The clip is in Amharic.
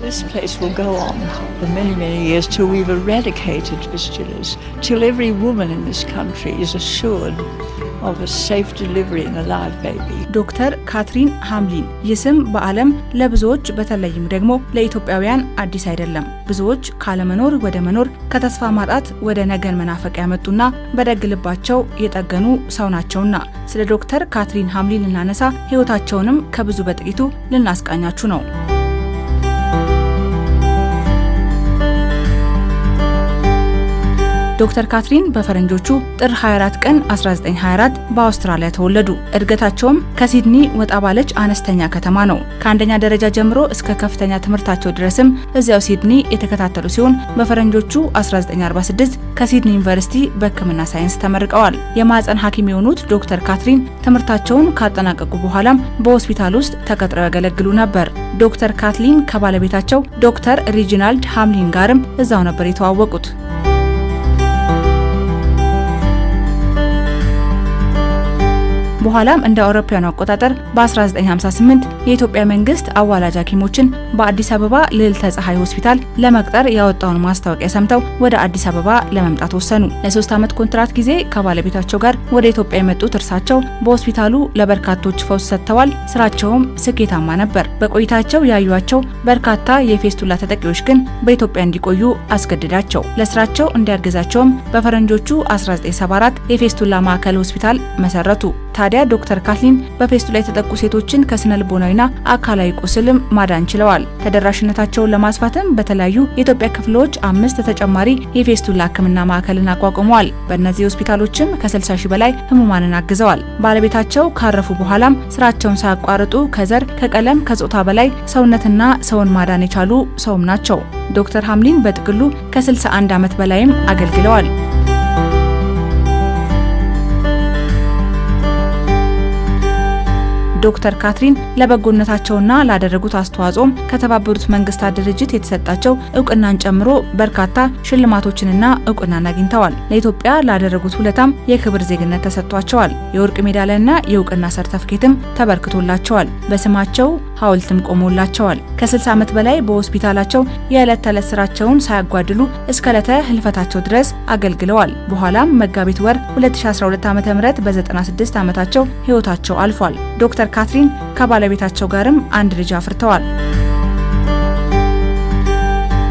This place will go on for many, many years till we've eradicated fistulas, till every woman in this country is assured of a safe delivery in a live baby. ዶክተር ካትሪን ሃምሊን ይህ ስም በዓለም ለብዙዎች በተለይም ደግሞ ለኢትዮጵያውያን አዲስ አይደለም። ብዙዎች ካለመኖር ወደ መኖር ከተስፋ ማጣት ወደ ነገን መናፈቅ ያመጡና በደግ ልባቸው የጠገኑ ሰው ናቸውና ስለ ዶክተር ካትሪን ሃምሊን ልናነሳ ሕይወታቸውንም ከብዙ በጥቂቱ ልናስቃኛችሁ ነው። ዶክተር ካትሪን በፈረንጆቹ ጥር 24 ቀን 1924 በአውስትራሊያ ተወለዱ። እድገታቸውም ከሲድኒ ወጣ ባለች አነስተኛ ከተማ ነው። ከአንደኛ ደረጃ ጀምሮ እስከ ከፍተኛ ትምህርታቸው ድረስም እዚያው ሲድኒ የተከታተሉ ሲሆን በፈረንጆቹ 1946 ከሲድኒ ዩኒቨርሲቲ በሕክምና ሳይንስ ተመርቀዋል። የማህፀን ሐኪም የሆኑት ዶክተር ካትሪን ትምህርታቸውን ካጠናቀቁ በኋላም በሆስፒታል ውስጥ ተቀጥረው ያገለግሉ ነበር። ዶክተር ካትሊን ከባለቤታቸው ዶክተር ሪጂናልድ ሃምሊን ጋርም እዛው ነበር የተዋወቁት። በኋላም እንደ አውሮፓውያኑ አቆጣጠር በ1958 የኢትዮጵያ መንግስት አዋላጅ ሐኪሞችን በአዲስ አበባ ልዕልተ ፀሐይ ሆስፒታል ለመቅጠር ያወጣውን ማስታወቂያ ሰምተው ወደ አዲስ አበባ ለመምጣት ወሰኑ። ለሶስት ዓመት ኮንትራት ጊዜ ከባለቤታቸው ጋር ወደ ኢትዮጵያ የመጡት እርሳቸው በሆስፒታሉ ለበርካቶች ፈውስ ሰጥተዋል። ስራቸውም ስኬታማ ነበር። በቆይታቸው ያዩቸው በርካታ የፌስቱላ ተጠቂዎች ግን በኢትዮጵያ እንዲቆዩ አስገድዳቸው ለስራቸው እንዲያገዛቸውም በፈረንጆቹ 1974 የፌስቱላ ማዕከል ሆስፒታል መሰረቱ። ታዲያ ዶክተር ካትሊን በፌስቱ ላይ የተጠቁ ሴቶችን ከስነ ልቦናዊና አካላዊ ቁስልም ማዳን ችለዋል። ተደራሽነታቸውን ለማስፋትም በተለያዩ የኢትዮጵያ ክፍሎች አምስት ተጨማሪ የፌስቱላ ሕክምና ማዕከልን አቋቁመዋል። በእነዚህ ሆስፒታሎችም ከ60 ሺህ በላይ ህሙማንን አግዘዋል። ባለቤታቸው ካረፉ በኋላም ስራቸውን ሳያቋርጡ ከዘር፣ ከቀለም፣ ከጾታ በላይ ሰውነትና ሰውን ማዳን የቻሉ ሰውም ናቸው። ዶክተር ሀምሊን በጥቅሉ ከ61 ዓመት በላይም አገልግለዋል። ዶክተር ካትሪን ለበጎነታቸውና ላደረጉት አስተዋጽኦም ከተባበሩት መንግስታት ድርጅት የተሰጣቸው እውቅናን ጨምሮ በርካታ ሽልማቶችንና እውቅናን አግኝተዋል። ለኢትዮጵያ ላደረጉት ሁለታም የክብር ዜግነት ተሰጥቷቸዋል። የወርቅ ሜዳሊያና የእውቅና ሰርተፍኬትም ተበርክቶላቸዋል። በስማቸው ሐውልትም ቆሞላቸዋል። ከ60 ዓመት በላይ በሆስፒታላቸው የዕለት ተዕለት ስራቸውን ሳያጓድሉ እስከ ዕለተ ህልፈታቸው ድረስ አገልግለዋል። በኋላም መጋቢት ወር 2012 ዓ.ም በ96 ዓመታቸው ሕይወታቸው አልፏል። ዶክተር ካትሪን ከባለቤታቸው ጋርም አንድ ልጅ አፍርተዋል።